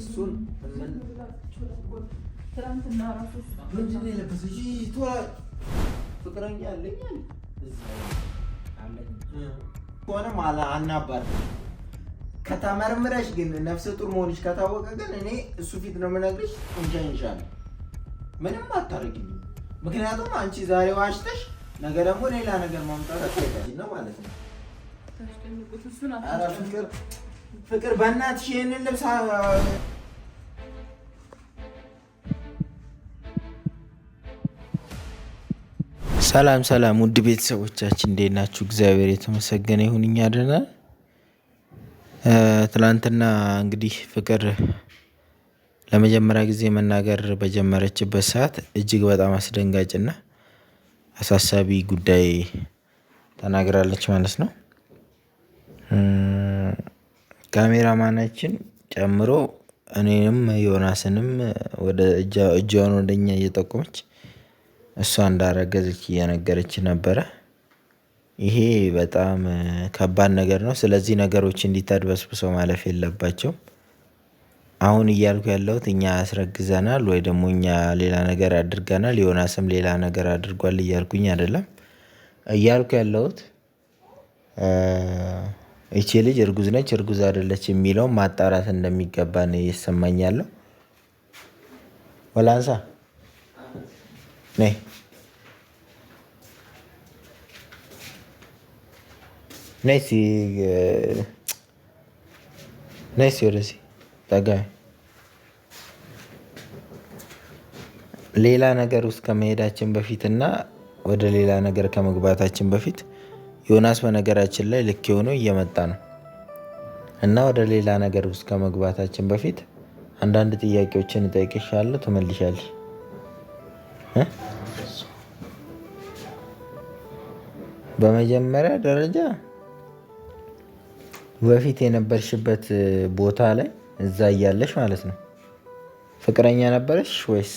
እሱን ምንድን ነው ፍቅረኛ አለኝ ሆነም አናባር ከተመርምረሽ ግን ነፍሰ ጡር መሆንሽ ከታወቀ ግን እኔ እሱ ፊት ነው የምነግርሽ። እንሻንሻለሁ፣ ምንም አታደርጊኝም። ምክንያቱም አንቺ ዛሬ ዋሽተሽ ነገ ደግሞ ሌላ ነገር ማምጣት ነው ማለት ነው። ፍቅር በእናትሽ ይህንን ልብስ ሰላም ሰላም፣ ውድ ቤተሰቦቻችን እንዴት ናችሁ? እግዚአብሔር የተመሰገነ ይሁን፣ እኛ ደህና ትላንትና እንግዲህ ፍቅር ለመጀመሪያ ጊዜ መናገር በጀመረችበት ሰዓት እጅግ በጣም አስደንጋጭና አሳሳቢ ጉዳይ ተናግራለች ማለት ነው። ካሜራማናችን ጨምሮ እኔንም ዮናስንም ወደ እጇን ወደኛ እየጠቆመች እሷ እንዳረገዘች እየነገረች ነበረ። ይሄ በጣም ከባድ ነገር ነው። ስለዚህ ነገሮች እንዲህ ማለፍ የለባቸውም። አሁን እያልኩ ያለሁት እኛ አስረግዘናል ወይ ደግሞ እኛ ሌላ ነገር አድርገናል ዮናስም ሌላ ነገር አድርጓል እያልኩኝ አይደለም። እያልኩ ያለሁት ይቺ ልጅ እርጉዝ ነች፣ እርጉዝ አይደለች የሚለው ማጣራት እንደሚገባ ነው ይሰማኛለሁ። ወላንሳ ነይ ነይ ወደዚህ ጠጋ። ሌላ ነገር ውስጥ ከመሄዳችን በፊት እና ወደ ሌላ ነገር ከመግባታችን በፊት ዮናስ በነገራችን ላይ ልክ የሆነው እየመጣ ነው እና ወደ ሌላ ነገር ውስጥ ከመግባታችን በፊት አንዳንድ ጥያቄዎችን እጠይቅሻለሁ፣ ትመልሻለሽ። በመጀመሪያ ደረጃ በፊት የነበርሽበት ቦታ ላይ እዛ እያለሽ ማለት ነው ፍቅረኛ ነበረሽ ወይስ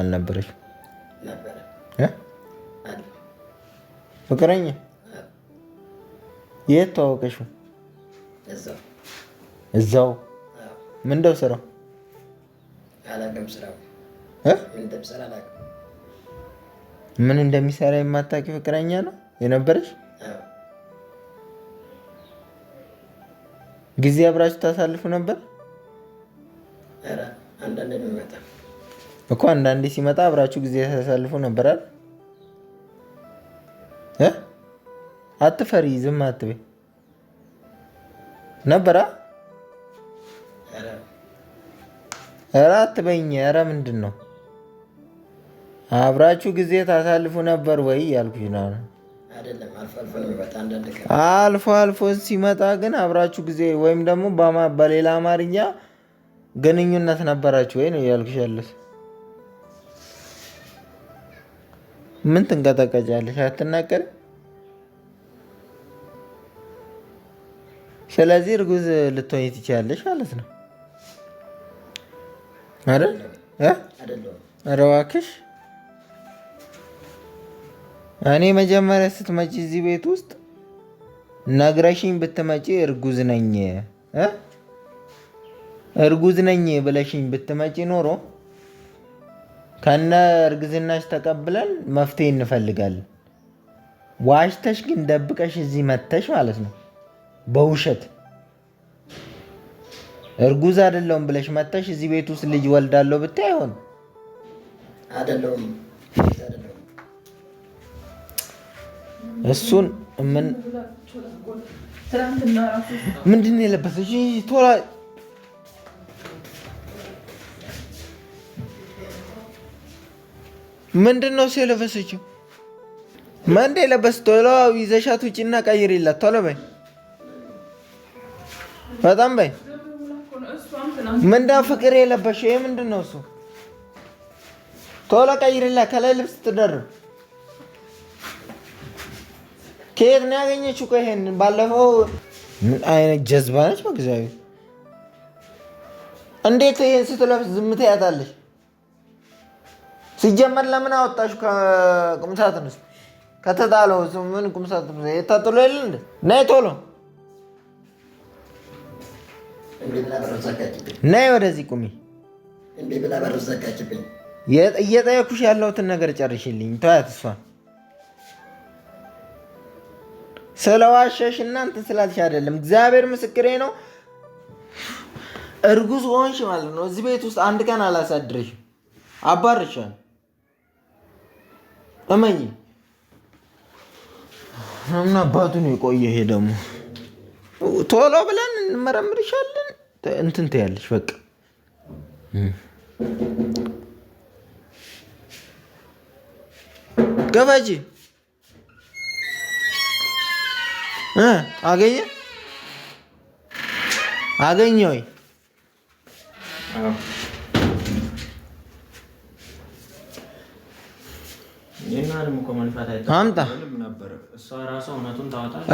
አልነበረሽ? ፍቅረኛ የት ተዋወቀሽው? እዛው። ምንደው ስራው? ምን እንደሚሰራ የማታውቂ ፍቅረኛ ነው የነበረሽ? ጊዜ አብራችሁ ታሳልፉ ነበር እኮ። አንዳንዴ ሲመጣ አብራችሁ ጊዜ ታሳልፉ ነበራል። አትፈሪ፣ ዝም አትበይ። ነበረ ኧረ አትበይኝ። ኧረ ምንድን ነው አብራችሁ ጊዜ ታሳልፉ ነበር ወይ ያልኩሽ ነው። አልፎ አልፎ ሲመጣ ግን አብራችሁ ጊዜ ወይም ደግሞ በሌላ አማርኛ ግንኙነት ነበራችሁ ወይ ነው ያልኩሽ። ያለሽ ምን ትንቀጠቀጫለሽ? አትናገር ስለዚህ እርጉዝ ልትሆኝ ትችላለሽ ማለት ነው አይደል? ኧረ እባክሽ እኔ መጀመሪያ ስትመጪ እዚህ ቤት ውስጥ ነግረሽኝ ብትመጪ እርጉዝ ነኝ እርጉዝ ነኝ ብለሽኝ ብትመጪ ኖሮ ከነ እርግዝናሽ ተቀብለን መፍትሄ እንፈልጋለን። ዋሽተሽ ግን ደብቀሽ እዚህ መተሽ ማለት ነው። በውሸት እርጉዝ አይደለሁም ብለሽ መተሽ እዚህ ቤት ውስጥ ልጅ ወልዳለሁ ብታይ አይሆን አይደለሁም። እሱን ምን ምንድን ነው የለበሰች ቶላ ምንድን ነው እሱ የለበሰችው? መንደ የለበስ ቶሎ ይዘሻት ውጭና ቀይሪላት ቶሎ በይ። በጣም በይ ምንዳ ፍቅር የለበሽ ይሄ ምንድን ነው? እሱ ቶሎ ቀይርላ ከላይ ልብስ ትደርብ። ከየት ነው ያገኘችው? ይሄን ባለፈው ምን አይነት ጀዝባ ነች! በእግዚአብሔር እንዴት ይሄን ስትለብስ ዝም ትያታለሽ? ሲጀመር ለምን አወጣሽ ከቁምሳጥን ውስጥ ከተጣለው? ምን ቁምሳጥን የታጥሎ የለ እንደ ነይ ቶሎ ነይ ወደዚህ ቁሚ። እየጠየኩሽ ያለሁትን ነገር ጨርሽልኝ። ተዋት። እሷን ስለዋሸሽ እናንተ ስላልሽ አይደለም፣ እግዚአብሔር ምስክሬ ነው። እርጉዝ ሆንሽ ማለት ነው። እዚህ ቤት ውስጥ አንድ ቀን አላሳድርሽም። አባርሻል። እመኝ። ምን አባቱ ነው የቆየ ይሄ ደግሞ ቶሎ ብለን እንመረምርሻለን። እንትን ትያለሽ በቃ ገባጂ አገኘ አገኘ ወይ አምጣ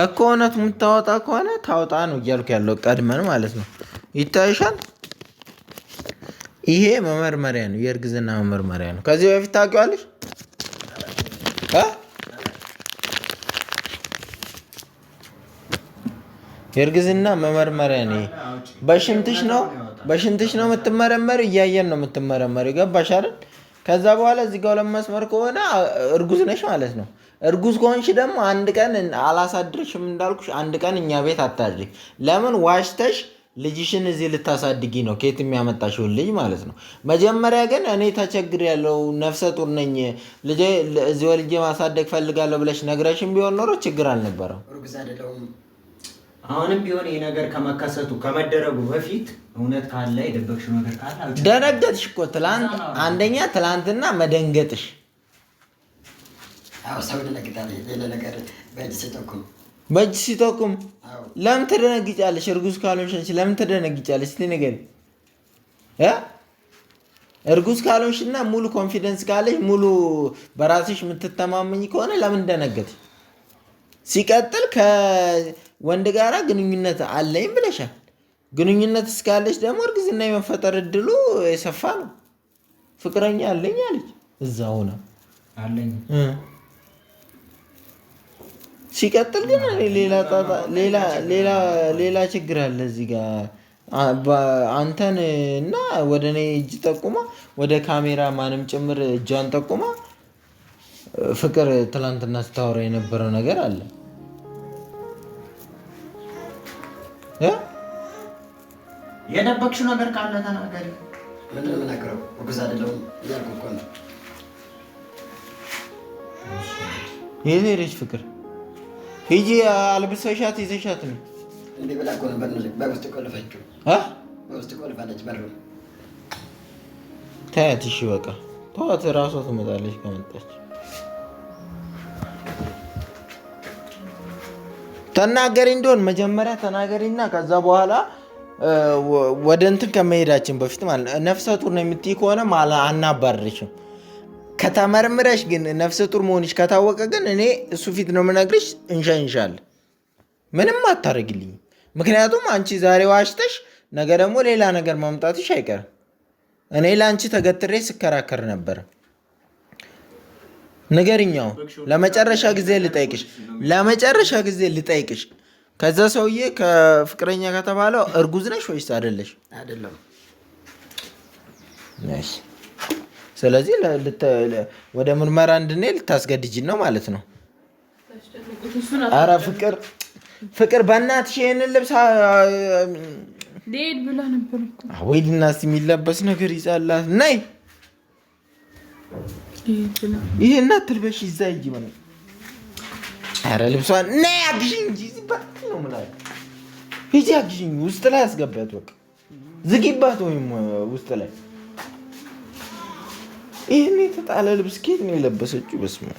እኮ እውነት የምታወጣ ከሆነ ታወጣ ነው እያልኩ ያለው ቀድመን ማለት ነው። ይታይሻል። ይሄ መመርመሪያ ነው፣ የእርግዝና መመርመሪያ ነው። ከዚህ በፊት ታውቂዋለሽ። የእርግዝና መመርመሪያ ነው። በሽንትሽ ነው በሽንትሽ ነው የምትመረመር፣ እያየን ነው የምትመረመር። ይገባሻል። ከዛ በኋላ እዚህ ለመስመር ከሆነ እርጉዝ ነሽ ማለት ነው። እርጉዝ ከሆንሽ ደግሞ አንድ ቀን አላሳድርሽም እንዳልኩሽ አንድ ቀን እኛ ቤት አታድሪ። ለምን ዋሽተሽ ልጅሽን እዚህ ልታሳድጊ ነው? ከየት የሚያመጣሽውን ልጅ ማለት ነው። መጀመሪያ ግን እኔ ተቸግር ያለው ነፍሰ ጡር ነኝ፣ እዚህ ወልጄ ማሳደግ ፈልጋለሁ ብለሽ ነግረሽም ቢሆን ኖሮ ችግር አልነበረም። አሁንም ቢሆን ይህ ነገር ከመከሰቱ ከመደረጉ በፊት እውነት ካለ የደበቅሽው ነገር ካለ ደነገጥሽ እኮ ትላንት፣ አንደኛ ትላንትና መደንገጥሽ ሰው በእጅ ሲጠቁም ለምን ተደነግጫለሽ? እርጉዝ ካልሆንሽ ለምን ተደነግጫለሽ? እስኪ ንገሪኝ። እርጉዝ ካልሆንሽ እና ሙሉ ኮንፊደንስ ካለሽ ሙሉ በራስሽ የምትተማመኝ ከሆነ ለምን ደነገጥሽ? ሲቀጥል ከወንድ ጋር ግንኙነት አለኝ ብለሻል። ግንኙነት እስካለች ደግሞ እርግዝና የመፈጠር እድሉ የሰፋ ነው። ፍቅረኛ አለኝ አለች እዛ ሆና ሲቀጥል ግን ሌላ ሌላ ችግር አለ እዚህ ጋር አንተን እና ወደ እኔ እጅ ጠቁማ ወደ ካሜራ ማንም ጭምር እጇን ጠቁማ ፍቅር ትላንትና ስታወራ የነበረው ነገር አለ። የደበቅሽው ነገር ካለ ተናገሪ። ምንድን ነው የምናገረው? እርጉዝ ነው። የት ሄደች ፍቅር? ሂጂ አልብሰሻት ይዘሻት ነው። እንዲህ ብላ እኮ ነበር በውስጥ ቆልፈችው፣ በውስጥ ቆልፋለች። በሩ ታያት። እሺ በቃ ተዋት፣ እራሷ ትመጣለች። ከመጣች ተናገሪ እንደሆን መጀመሪያ ተናገሪና ከዛ በኋላ ወደ እንትን ከመሄዳችን በፊት ማለት ነፍሰ ጡር ነው የምትይ ከሆነ አናባርሽም። ተመርምረሽ ግን ነፍሰ ጡር መሆንሽ ከታወቀ ግን እኔ እሱ ፊት ነው የምነግርሽ። እንሻንሻል ምንም አታደርግልኝ ምክንያቱም አንቺ ዛሬ ዋሽተሽ ነገ ደግሞ ሌላ ነገር ማምጣትሽ አይቀርም። እኔ ለአንቺ ተገትሬ ስከራከር ነበር። ንገርኛው ለመጨረሻ ጊዜ ልጠይቅሽ፣ ለመጨረሻ ጊዜ ልጠይቅሽ፣ ከዛ ሰውዬ ከፍቅረኛ ከተባለው እርጉዝ ነሽ ወይስ አይደለሽ? አይደለም። ስለዚህ ወደ ምርመራ እንድንሄድ ልታስገድጅን ነው ማለት ነው። አረ ፍቅር ፍቅር፣ በእናትሽ ይህንን ልብስ ወይ ድናስ የሚለበስ ነገር ይዛላት ናይ ይህ እናት ትልበሽ ይዛ እንጂ አረ ልብሷን ና አግዥኝ እንጂ ነው ምናምን ሂጂ አግዥኝ። ውስጥ ላይ አስገባት፣ በቃ ዝጊባት፣ ወይም ውስጥ ላይ ይህን የተጣለ ልብስ ኬት ነው የለበሰችው? በስመ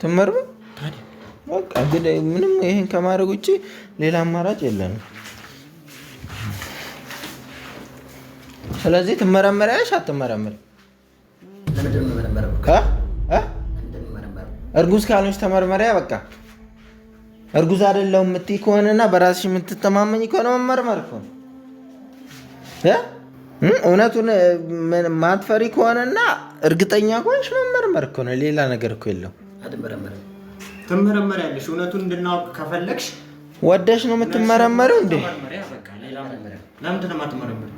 ትመርም በቃ ምንም ይህን ከማድረግ ውጭ ሌላ አማራጭ የለንም። ስለዚህ ትመረመሪያለሽ አትመረምር? እርጉዝ ካልሆነች ተመርመሪያ በቃ እርጉዝ አይደለሁም የምትይ ከሆነና በራስሽ የምትተማመኝ ከሆነ መመርመር እኮ ነው። እውነቱን ማትፈሪ ከሆነና እርግጠኛ ከሆነሽ መመርመር እኮ ነው። ሌላ ነገር እኮ የለው። ትመረመሪያለሽ። እውነቱን እንድናውቅ ከፈለግሽ ወደሽ ነው የምትመረመረው። እንዴ ለምንድን ነው የማትመረመሪው?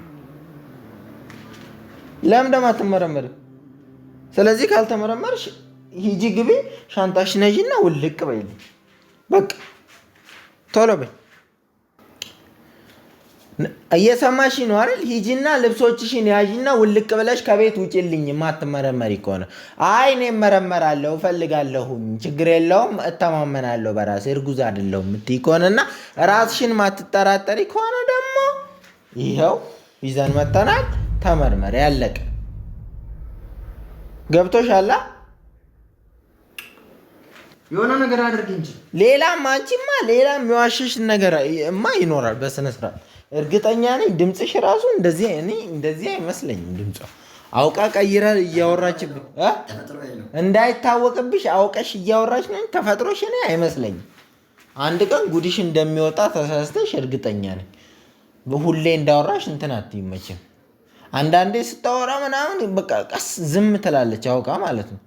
ለምን ደግሞ አትመረመሪም? ስለዚህ ካልተመረመርሽ ሂጂ ግቢ ሻንጣሽ ነዥና ውልቅ በይልኝ። በቃ ቶሎ በይ። እየሰማሽ ነው አይደል? ሂጂና ልብሶችሽን ያዥና ውልቅ ብለሽ ከቤት ውጭልኝ። የማትመረመሪ ከሆነ አይ እኔ እመረመራለሁ እፈልጋለሁኝ፣ ችግር የለውም እተማመናለሁ በራሴ እርጉዝ አይደለሁም እምትይ ከሆነና ራስሽን ማትጠራጠሪ ከሆነ ደግሞ ይኸው ይዘን መተናል። ተመርመሪ፣ ያለቀ ገብቶሻል። የሆነ ነገር አድርግ እንጂ ሌላም አንቺማ ሌላ የዋሸሽ ነገር እማ ይኖራል። በስነ እርግጠኛ ነኝ። ድምፅሽ ራሱ እንደዚህ እኔ እንደዚህ አይመስለኝም። ድምጿ አውቃ ቀይራ እያወራችብኝ እንዳይታወቅብሽ አውቀሽ እያወራች ነኝ። ተፈጥሮሽ እኔ አይመስለኝም። አንድ ቀን ጉድሽ እንደሚወጣ ተሳስተሽ እርግጠኛ ነኝ። ሁሌ እንዳወራሽ እንትን አትይመችም። አንዳንዴ ስታወራ ምናምን በቃ ቀስ ዝም ትላለች አውቃ ማለት ነው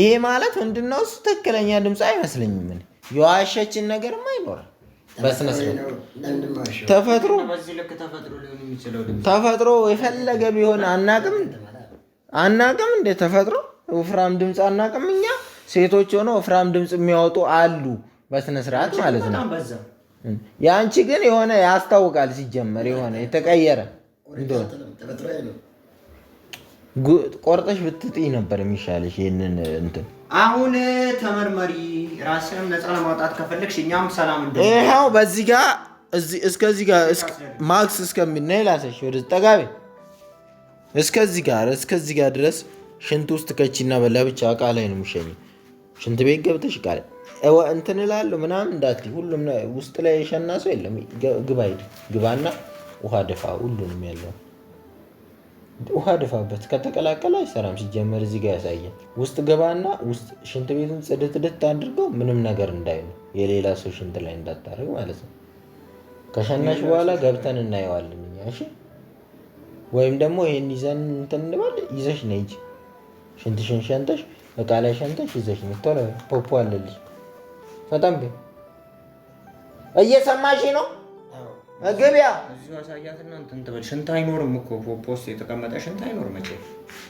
ይሄ ማለት ምንድነው? እሱ ትክክለኛ ድምፅ አይመስለኝም። ምን የዋሸችን ነገርም አይኖርም። በስነ ተፈጥሮ ተፈጥሮ የፈለገ ቢሆን አናቅም አናቅም። እንደ ተፈጥሮ ወፍራም ድምፅ አናቅም እኛ ሴቶች ሆነ ወፍራም ድምፅ የሚያወጡ አሉ። በስነ ስርዓት ማለት ነው። የአንቺ ግን የሆነ ያስታውቃል። ሲጀመር የሆነ የተቀየረ እንደሆነ ቆርጠሽ ብትጥይ ነበር የሚሻልሽ። ይህንን እንትን አሁን ተመርመሪ። ራስንም ነፃ ለማውጣት ከፈለግሽ እኛም ሰላም እንደ ይኸው በዚህ ጋ እስከዚህ ጋ ማክስ እስከሚናይ ላሰሽ ወደ ጠጋቤ እስከዚህ ጋር እስከዚህ ጋር ድረስ ሽንት ውስጥ ከቺና በላ ብቻ እቃ ላይ ነው የሚሸኝ። ሽንት ቤት ገብተሽ ቃል እንትን እላለሁ ምናምን እንዳትዪ። ሁሉም ውስጥ ላይ የሸና ሰው የለም። ግባ ሂድ፣ ግባና ውሃ ደፋ ሁሉንም ያለው ውሃ ድፋበት። ከተቀላቀለ አይሰራም። ሲጀመር እዚህ ጋር ያሳየን። ውስጥ ገባና ውስጥ ሽንት ቤቱን ጽድት ድት አድርገው ምንም ነገር እንዳይ ነው የሌላ ሰው ሽንት ላይ እንዳታደርግ ማለት ነው። ከሸናሽ በኋላ ገብተን እናየዋለን እኛ። እሺ ወይም ደግሞ ይህን ይዘን እንትን እንባል። ይዘሽ ነይ እንጂ ሽንትሽን ሸንተሽ እቃ ላይ ሸንተሽ ይዘሽ ነይ። ቶሎ ፖፖ አለልሽ። ፈጠን እየሰማሽ ነው መገቢያ እዚሁ አሳያትና እንትን ትበል። ሽንት አይኖርም እኮ ፖስት የተቀመጠ ሽንት አይኖርም እ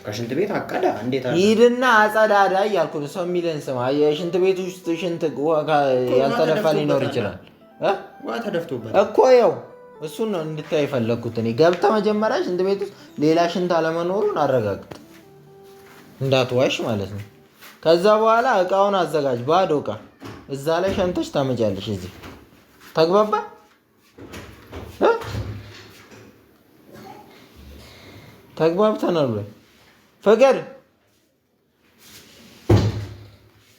ከሽንት ቤት አቀዳ እንዴት ሂድና አጸዳዳ እያልኩ ሰው የሚለን ስማ። የሽንት ቤት ውስጥ ሽንት ያልተደፋ ሊኖር ይችላል። ውሃ ተደፍቶበት እኮ ያው እሱን ነው እንድታይ የፈለግኩት እኔ። ገብተህ መጀመሪያ ሽንት ቤት ውስጥ ሌላ ሽንት አለመኖሩን አረጋግጥ፣ እንዳትዋሽ ማለት ነው። ከዛ በኋላ እቃውን አዘጋጅ፣ ባዶ እቃ እዛ ላይ ሸንተሽ ታመጫለሽ። እዚህ ተግባባ ተግባብተናል ወይ? ፍቅር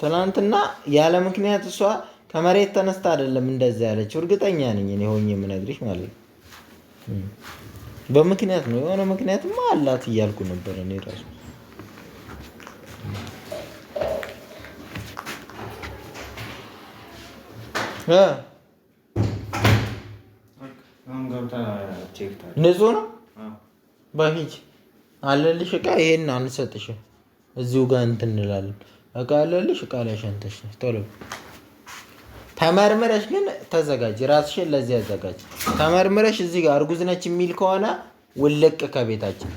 ትናንትና ያለ ምክንያት እሷ ከመሬት ተነስታ አይደለም እንደዛ ያለች እርግጠኛ ነኝ እኔ ሆኜ የምነግርሽ ማለት ነው። በምክንያት ነው። የሆነ ምክንያትማ አላት እያልኩ ነበር እኔ ራሱ። ንጹህ ነው በፊት አለልሽ እቃ ይሄን አንሰጥሽም እዚሁ ጋር እንትን እንላለን። እቃ አለልሽ እቃ ላይ ሸንተሽ ነሽ። ቶሎ ተመርምረሽ ግን ተዘጋጅ፣ ራስሽን ለዚህ አዘጋጅ። ተመርምረሽ እዚህ ጋር እርጉዝ ነች የሚል ከሆነ ውልቅ ከቤታችን።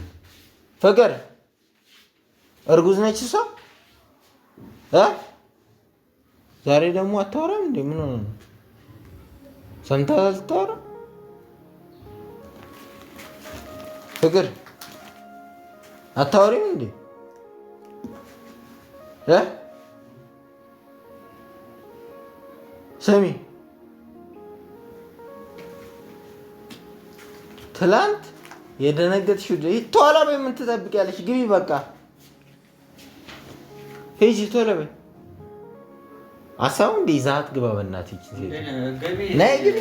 ፍቅር እርጉዝ ነች እሷ። ዛሬ ደግሞ አታወራም እንዴ? ምን ሆነ ነው? ሰምታ አታወራም ፍቅር አታወሪም እንዴ? ስሚ ትላንት የደነገጥሽው ቶሎ በይ። ምን ትጠብቂያለሽ? ግቢ በቃ ሂጂ፣ ቶሎ በይ። አሳውን እንደ ይዛት ግባ። በእናትህ ነይ ግቢ፣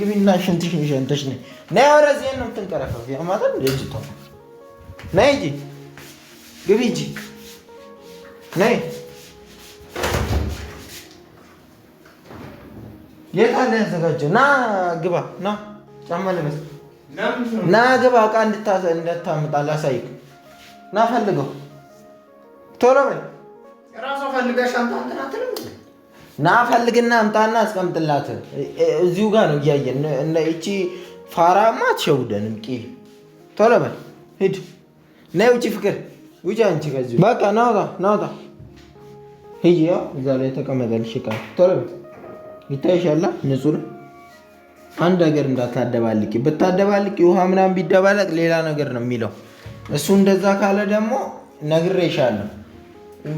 ግቢና ሽንትሽን ሸንተሽ ነይ። ወደዚህ ነው የምትንቀረፈው። ነይ እንጂ ግቢ እንጂ ነይ። የት አለ ያዘጋጀው? ና ግባ። ና ጫማ ልበስ። ና ግባ። እቃ እንዳታምጣ ላሳይክ። ና ፈልገው ቶሎ በል። ና ፈልግና አምጣና አስቀምጥላት። እዚሁ ጋር ነው እያየን። እቺ ፋራማ አትሸውደንም። ቂ ቶሎ በል ሂድ። ነይ ውጪ ፍቅር ውጪ። አንቺ ከዚህ በቃ ናውጣ ናውጣ። ሂጂ ያው እዛ ላይ ተቀመጠልሽ ዕቃ ቶሎ ይታይሻላ ንጹህ አንድ ነገር እንዳታደባልቂ። ብታደባልቂ ውሃ ምናምን ቢደባለቅ ሌላ ነገር ነው የሚለው እሱ። እንደዛ ካለ ደግሞ ነግሬሻለሁ።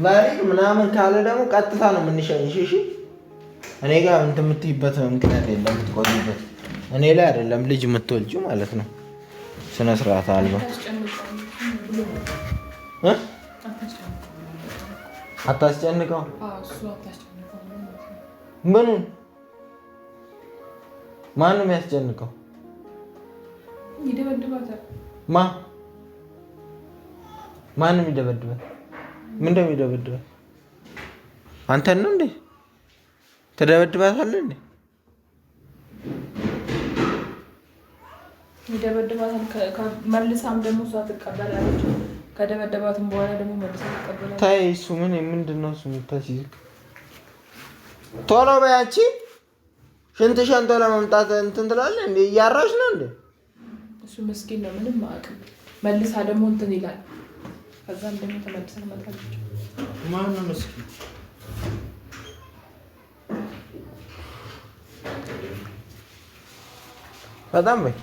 ቫሪክ ምናምን ካለ ደግሞ ቀጥታ ነው የምንሸኝሽ። እሺ እኔ ጋር እንትን የምትይበት ምክንያት የለም የምትቆይበት። እኔ ላይ አይደለም ልጅ የምትወልጂው ማለት ነው። ስነስርዓት አለው። አታስጨንቀው። ምኑን ማንም የሚያስጨንቀው? ማ ማንም ይደበድባል? ምን ደም ይደበድባል? አንተን ነው እንዴ? ተደበድባታለህ እንዴ? የደበደባትን መልሳም ደግሞ እሷ ትቀበላለች። ከደበደባትም በኋላ ደግሞ መልሳ ትቀበላለች። ተይ እሱ ምን ምንድን ነው እሱ የምታስይዝክ? ቶሎ በያቺ ሽንት ቶሎ መምጣት እንትን ትላለህ እንዴ? እያራሽ ነው እንዴ? እሱ ምስኪን ነው ምንም አቅም መልሳ ደግሞ እንትን ይላል። ከዛም ደግሞ ተመልሳ ትመጣለች። ነው ምስኪን? በጣም በይ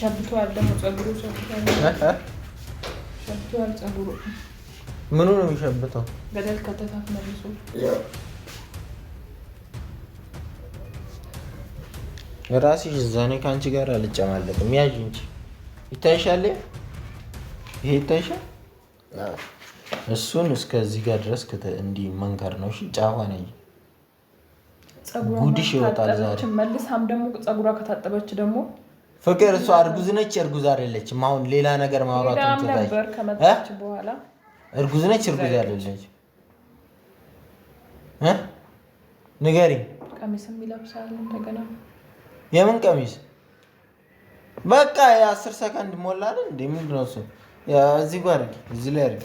ሸብቷል። ደግሞ ጸጉሩ ሸብቷል። ጸጉሩ ምኑ ነው የሚሸብተው? በደል ከተታት መልሶ ራስሽ እዛ እኔ ከአንቺ ጋር አልጨማለቅም። ያዥ እንጂ ይታይሻል። ይሄ ይታይሻል። እሱን እስከዚህ ጋር ድረስ እንዲህ መንከር ነው። እሺ ጫፏ ነኝ ጉድሽ ይወጣል። ዛሬ መልሳም ደግሞ ጸጉሯ ከታጠበች ደግሞ ፍቅር እሷ እርጉዝ ነች፣ እርጉዝ አይደለችም። አሁን ሌላ ነገር ማውራት በኋላ እርጉዝ ነች፣ እርጉዝ አይደለች ንገሪ። ቀሚስም ይለብሳል እንደገና። የምን ቀሚስ? በቃ የአስር ሰከንድ ሞላ አይደል እንዴ? ምንድን ነው እሱ? እዚህ ጋር አድርጊ፣ እዚህ ላይ አድርጊ።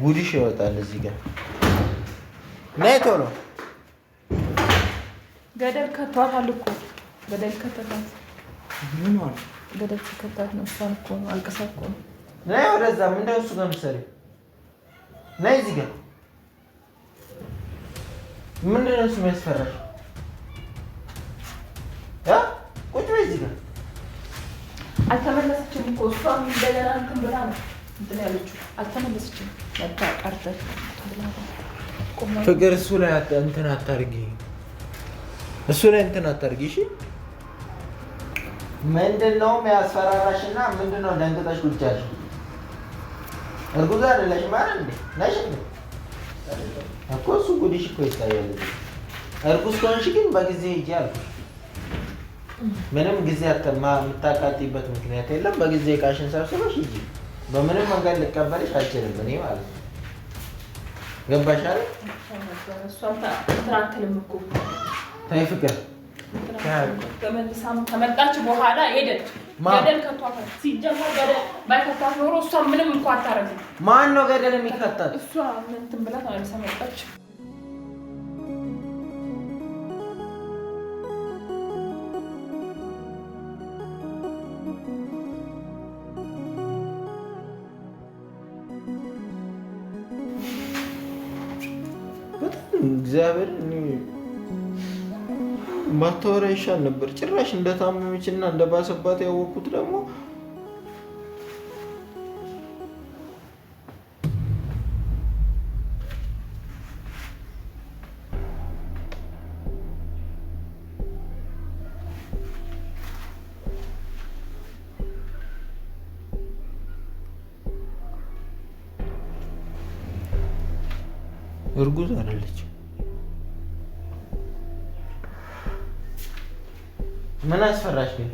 ጉድሽ ይወጣል እዚህ ጋር ነይ ቶሎ ገደል ከቷታል እኮ ገደል ከተታት ገደል ከተታት ነው። እሷን እኮ ነው አልቅሳ እኮ ነው። ነይ ወደዛ ምንድነው እሱ ጋር ምሳሌ ነይ እዚህ ጋር ምንድነው እሱ የሚያስፈራሽ? ቁጭ በይ እዚህ ጋር አልተመለሰችም እኮ እሷ እንደገና እንትን ብላ ነው እንትን ያለችው አልተመለሰችም። ፍቅር እሱ ላይ እንትን አታርጊ እሱ ላይ እንትን አታርጊ። እሺ ምንድን ነው የሚያስፈራራሽ? እና ምንድን ነው ደንግጠሽ ቁጭ ያልሽ? እርጉዝ አይደለሽም ማለት እንዴ? ነሽ እንዴ? እኮ እሱ ጉድሽ እኮ ይታያል። እርጉዝ ከሆንሽ ግን በጊዜ ሂጂ አልኩሽ። ምንም ጊዜ የምታቃጢበት ምክንያት የለም። በጊዜ እቃሽን ሰብስበሽ ሂጂ። በምንም መንገድ ልቀበልሽ አልችልም እኔ ማለት ነው። ገባሽ አይደል? ተይ ፍቅር ከመጣች በኋላ ገደል ሲጀመር ገደል ኖሮ እሷ ምንም እንኳ አታረግም። ማን ነው ገደል የሚከታት? እሷ እንትን ብላ ተመልሳ መጣች። በጣም እግዚአብሔር ባታወራ ይሻል ነበር። ጭራሽ እንደታመመች እና እንደባሰባት ያወቅኩት ደግሞ እርጉዝ አይደለችም። ምን አስፈራሽ ግን?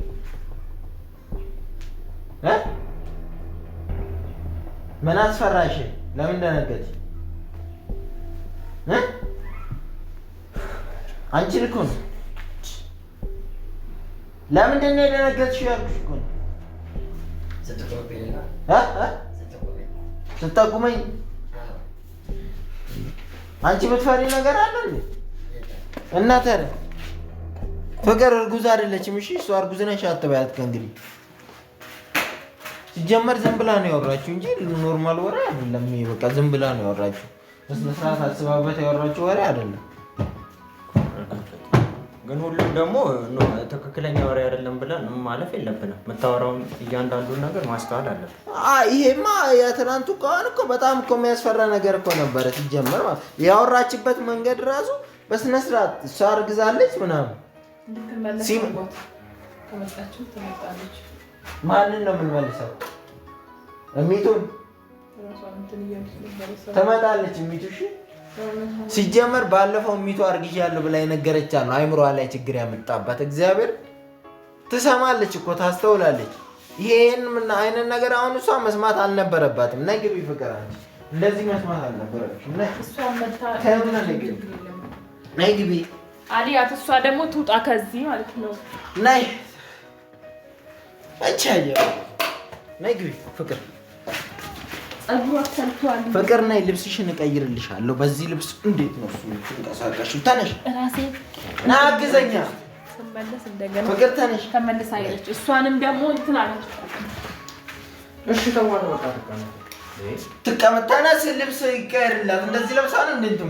ምን አስፈራሽ? ለምን ደነገጥ? አንቺ እኮ ነው። ለምንድን ነው የደነገጥሽው? ያልኩሽ እኮ ነው። ስትጠቁመኝ አንቺ የምትፈሪው ነገር አለ እና ፍቅር እርጉዝ አይደለችም። እሺ እሷ እርጉዝ ነሽ አትበያት። ከእንግዲህ ሲጀመር ዝም ብላ ነው ያወራችሁ እንጂ ኖርማል ወሬ አይደለም። በቃ ዝም ብላ ነው ያወራችሁ። በስነ ስርዓት አስባበት ያወራችሁ ወሬ አይደለም። ግን ሁሉም ደግሞ ትክክለኛ ወሬ አይደለም ብለን ማለፍ የለብንም። የምታወራውን እያንዳንዱን ነገር ማስተዋል አለብን። ይሄማ የትናንቱ ከሆን እኮ በጣም እኮ የሚያስፈራ ነገር እኮ ነበረ ሲጀመር ማለት ያወራችበት መንገድ ራሱ በስነስርዓት እሷ እርግዛለች ምናምን ማንን ነው የምንመልሰው? እሚቱን ትመጣለች። እሚቱ ሲጀመር ባለፈው እሚቱ አርግዣለሁ ብላ የነገረቻ ነው አይምሯ ላይ ችግር ያመጣባት። እግዚአብሔር ትሰማለች እኮ ታስተውላለች። ይሄን ምን አይነት ነገር አሁን እሷ መስማት አልነበረባትም። ነይ ግቢ ፍቅር፣ አንቺ እንደዚህ መስማት አልነበረባትም። ነይ ግቢ አልያት እሷ ደግሞ ትውጣ ከዚህ ማለት ነው። ናይ አንቺ አየህ ናይ ግቢ ፍቅር ፍቅር ናይ ልብስሽን እቀይርልሻለሁ። በዚህ ልብስ እንዴት ነው ትንቀሳቀሽ? ተነሽ ና አግዘኛ። ፍቅር ተነሽ። ተመልሳ አየች። እሷንም ደግሞ እንትን እሺ ተዋት፣ በቃ ትቀመጥ። ተነስ፣ ልብስ ይቀይርላት። እንደዚህ ለብሳ ነው እንዴት ነው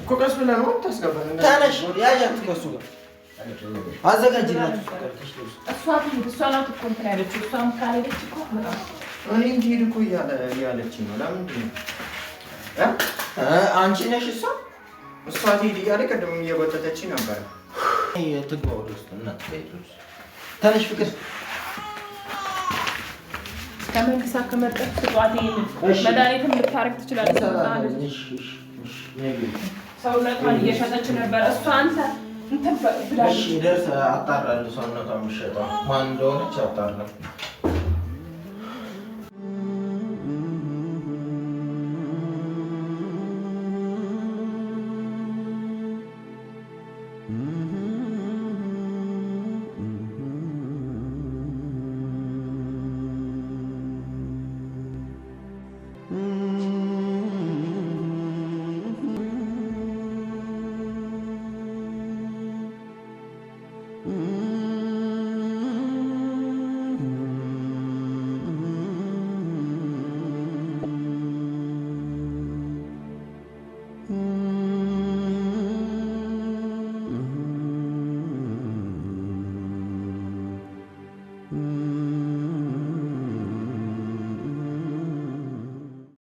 እኮ ቀስ ብለህ ነው ታስገባል። ተነሽ ያዣት ከሱ ጋር ከመንግስት ከመርጠት ስጧት። መድኃኒትም ልታረግ ትችላለች። ሰውነቷን እየሸጠች ነበር። እሷ አንተ እንትን ብላሽ ደርስ አጣራለሁ። ሰውነቷን የሚሸጠው ማን እንደሆነች አጣራለሁ።